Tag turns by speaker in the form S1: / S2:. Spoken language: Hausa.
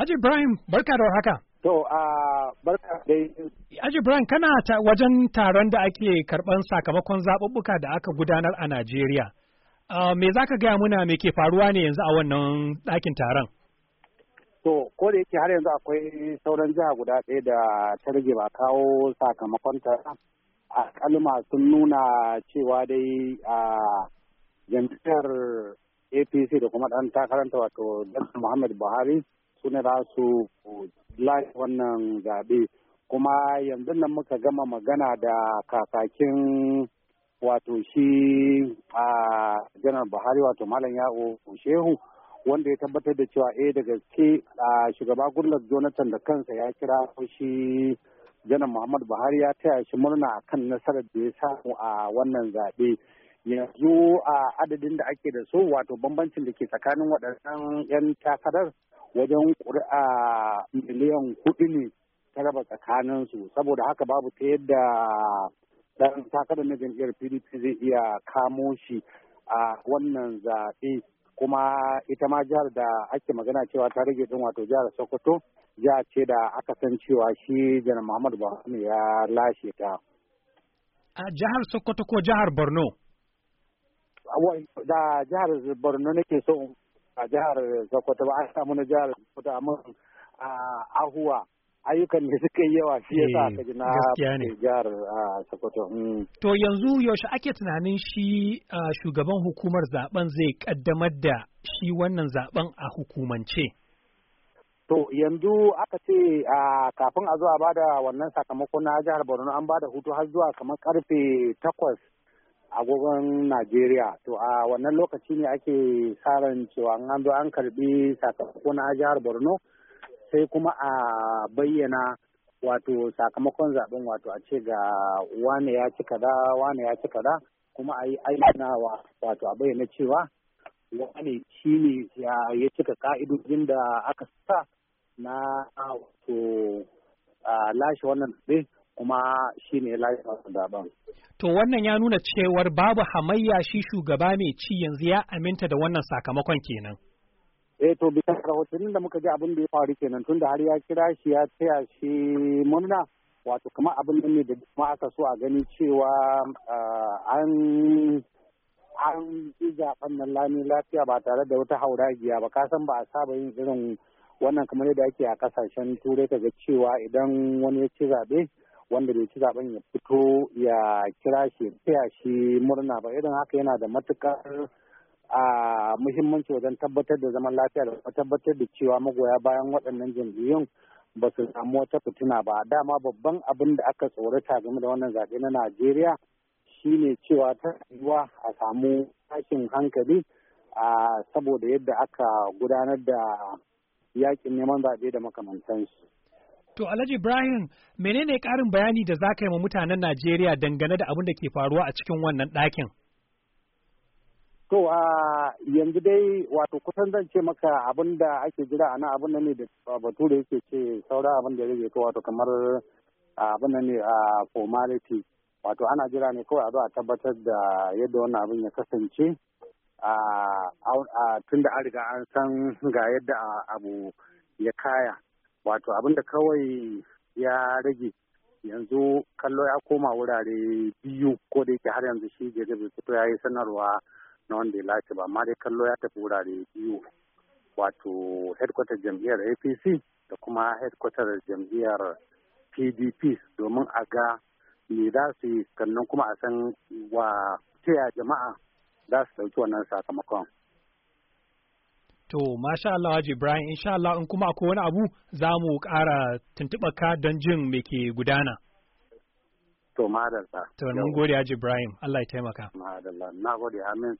S1: Aji Ibrahim, barka da haka. To, a barka dai.
S2: Aji Ibrahim, kana ta wajen taron da ake karɓan sakamakon zaɓuɓɓuka da aka gudanar a Najeriya. me za ka gaya muna me ke faruwa ne yanzu a wannan ɗakin taron? To,
S1: ko da yake har yanzu akwai sauran jiha guda ɗaya da ta rage ba kawo sakamakon taron. A kalma sun nuna cewa dai a jam'iyyar APC da kuma ɗan takaranta wato Dr. Muhammad Buhari su ne za su wannan zaɓe kuma yanzu nan muka gama magana da kakakin wato shi a janar buhari wato malam yawo shehu wanda ya tabbatar da cewa eh da gaske a shugaba gurnar jonathan da kansa ya kira shi janar muhammad buhari ya taya shi murna kan nasarar da ya samu a wannan zaɓe yanzu a adadin da ake da su wato bambancin da ke tsakanin waɗannan 'yan takarar wajen ƙuri'a miliyan kuɗi ne ta raba tsakanin su saboda haka babu ta yadda ɗan takarar na jam'iyyar pdp zai iya kamo shi a wannan zaɓe kuma ita ma jihar da ake magana cewa ta rage ɗin wato jihar sokoto jihar ce da aka san cewa shi janar muhammadu buhari ya lashe
S2: ta a jihar sokoto ko jihar borno
S1: da jihar borno nake so a jihar Sokoto ba a samu na jihar Sokoto amma a ahuwa ayyukan da suka yi yawa shi yasa eh, ka ji na jihar Sokoto. Mm.
S2: To yanzu yaushe ake tunanin shi shugaban hukumar zaben zai kaddamar da shi wannan zaben a hukumance.
S1: To yanzu aka ce kafin a zo a bada wannan sakamako na jihar Borno an bada hutu har zuwa kamar karfe takwas agogon Najeriya. To a wannan lokaci ne ake tsarin cewa an zo an karbi sakamako na jihar Borno sai kuma a bayyana wato sakamakon zaben wato a ce ga wane ya ci kada wane ya ci kada kuma a yi ayyanawa wato a bayyana cewa wane shi ne ya cika ka'idojin da aka sa na wato lashe wannan kuma shi ne lafiya daban.
S2: To wannan ya nuna cewar babu hamayya shi shugaba mai ci yanzu ya aminta da wannan sakamakon kenan.
S1: Eh to bisa rahotannin da muka ji abin da ya faru kenan tun da har ya kira shi ya taya shi murna wato kuma abin da ne da kuma aka so a gani cewa ah, an an yi zaben nan lami lafiya ba tare da wata hauragiya ba kasan ba a saba yin irin wannan kamar yadda ake a kasashen turai kaga cewa idan wani ya ci zaɓe wanda bai ci zaben ya fito ya kira shi taya shi murna ba irin haka yana da matukar a muhimmanci wajen tabbatar da zaman lafiya da tabbatar da cewa magoya bayan waɗannan jam'iyyun ba su samu wata fituna ba dama babban abin da aka tsorata game da wannan zaɓe na najeriya shine cewa ta yiwuwa a samu tashin hankali a saboda yadda aka gudanar da yakin neman zaɓe da makamantansu
S2: To Alhaji Ibrahim menene ƙarin bayani da za ka yi wa mutanen Najeriya dangane da abin da ke faruwa a cikin wannan ɗakin?
S1: To a yanzu dai wato kusan zan ce maka abin da ake jira a nan abin nan ne da bature yake ce saura abin da ya rage wato kamar abin nan ne a formality wato ana jira ne kawai a zo a tabbatar da yadda wannan abin ya kasance a tun da an riga an san ga yadda abu ya kaya wato abinda kawai ya rage yanzu kallo ya koma wurare biyu ko da yake har yanzu shi jirgin bai fito ya yi sanarwa na wanda ya lace ba amma dai kallo ya tafi wurare biyu wato headquarter jam'iyyar apc da kuma headquarter jam'iyyar pdp domin a ga me za su yi sannan kuma a san wa ta jama'a za su ɗauki wannan sakamakon
S2: To, masha Allah Haji Ibrahim, insha Allah in kuma akwai wani abu za mu ƙara tuntuɓa ka don jin me ke gudana.
S1: To, madalla. To, nan
S2: gode Haji Ibrahim, Allah ya taimaka.
S1: Madalla, na gode, amin.